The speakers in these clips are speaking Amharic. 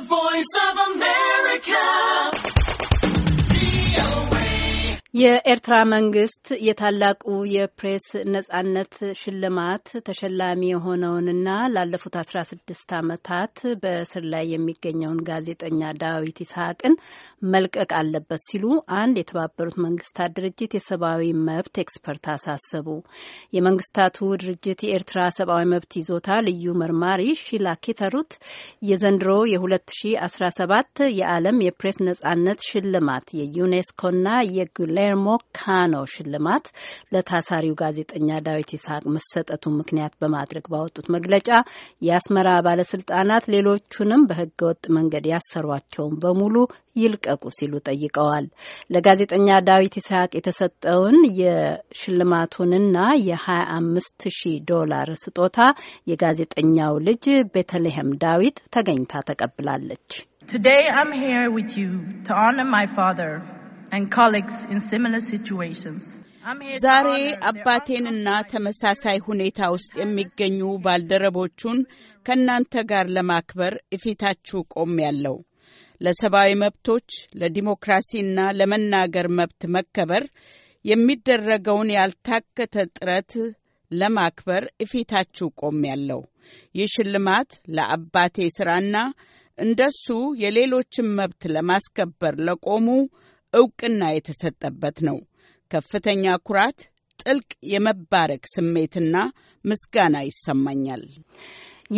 The Voice of a man. የኤርትራ መንግስት የታላቁ የፕሬስ ነጻነት ሽልማት ተሸላሚ የሆነውንና ላለፉት አስራ ስድስት ዓመታት በእስር ላይ የሚገኘውን ጋዜጠኛ ዳዊት ይስሐቅን መልቀቅ አለበት ሲሉ አንድ የተባበሩት መንግስታት ድርጅት የሰብአዊ መብት ኤክስፐርት አሳሰቡ። የመንግስታቱ ድርጅት የኤርትራ ሰብአዊ መብት ይዞታ ልዩ መርማሪ ሺላ ኬተሩት የዘንድሮ የሁለት ሺ አስራ ሰባት የዓለም የፕሬስ ነጻነት ሽልማት የዩኔስኮና የግለ ፓሌርሞ ካኖ ሽልማት ለታሳሪው ጋዜጠኛ ዳዊት ይስሐቅ መሰጠቱን ምክንያት በማድረግ ባወጡት መግለጫ የአስመራ ባለስልጣናት ሌሎቹንም በህገወጥ መንገድ ያሰሯቸውን በሙሉ ይልቀቁ ሲሉ ጠይቀዋል። ለጋዜጠኛ ዳዊት ይስሐቅ የተሰጠውን የሽልማቱንና የ25 ሺህ ዶላር ስጦታ የጋዜጠኛው ልጅ ቤተልሔም ዳዊት ተገኝታ ተቀብላለች። Today I'm here with you to honor my father. ዛሬ አባቴንና ተመሳሳይ ሁኔታ ውስጥ የሚገኙ ባልደረቦቹን ከእናንተ ጋር ለማክበር እፊታችሁ ቆም ያለው ለሰብአዊ መብቶች ለዲሞክራሲና ለመናገር መብት መከበር የሚደረገውን ያልታከተ ጥረት ለማክበር እፊታችሁ ቆም ያለው ይህ ሽልማት ለአባቴ ሥራና እንደሱ የሌሎችን መብት ለማስከበር ለቆሙ እውቅና የተሰጠበት ነው። ከፍተኛ ኩራት፣ ጥልቅ የመባረክ ስሜትና ምስጋና ይሰማኛል።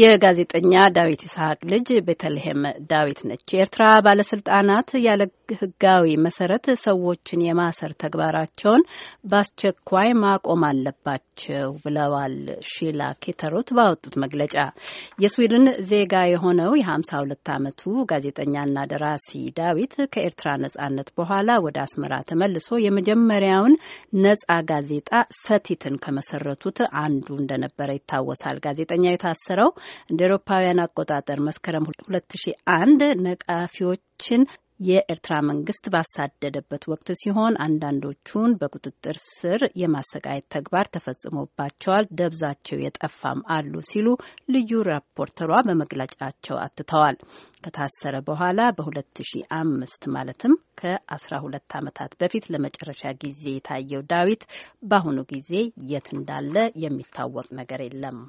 የጋዜጠኛ ዳዊት ይስሐቅ ልጅ ቤተልሔም ዳዊት ነች። የኤርትራ ባለስልጣናት ያለ ሕጋዊ መሰረት ሰዎችን የማሰር ተግባራቸውን በአስቸኳይ ማቆም አለባቸው ብለዋል ሺላ ኬተሮት ባወጡት መግለጫ። የስዊድን ዜጋ የሆነው የ52 ዓመቱ ጋዜጠኛና ደራሲ ዳዊት ከኤርትራ ነጻነት በኋላ ወደ አስመራ ተመልሶ የመጀመሪያውን ነጻ ጋዜጣ ሰቲትን ከመሰረቱት አንዱ እንደነበረ ይታወሳል። ጋዜጠኛ የታሰረው እንደ ኤሮፓውያን አቆጣጠር መስከረም 2001 ነቃፊዎችን የኤርትራ መንግስት ባሳደደበት ወቅት ሲሆን አንዳንዶቹን በቁጥጥር ስር የማሰቃየት ተግባር ተፈጽሞባቸዋል፣ ደብዛቸው የጠፋም አሉ ሲሉ ልዩ ራፖርተሯ በመግለጫቸው አትተዋል። ከታሰረ በኋላ በ2005 ማለትም ከ12 ዓመታት በፊት ለመጨረሻ ጊዜ የታየው ዳዊት በአሁኑ ጊዜ የት እንዳለ የሚታወቅ ነገር የለም።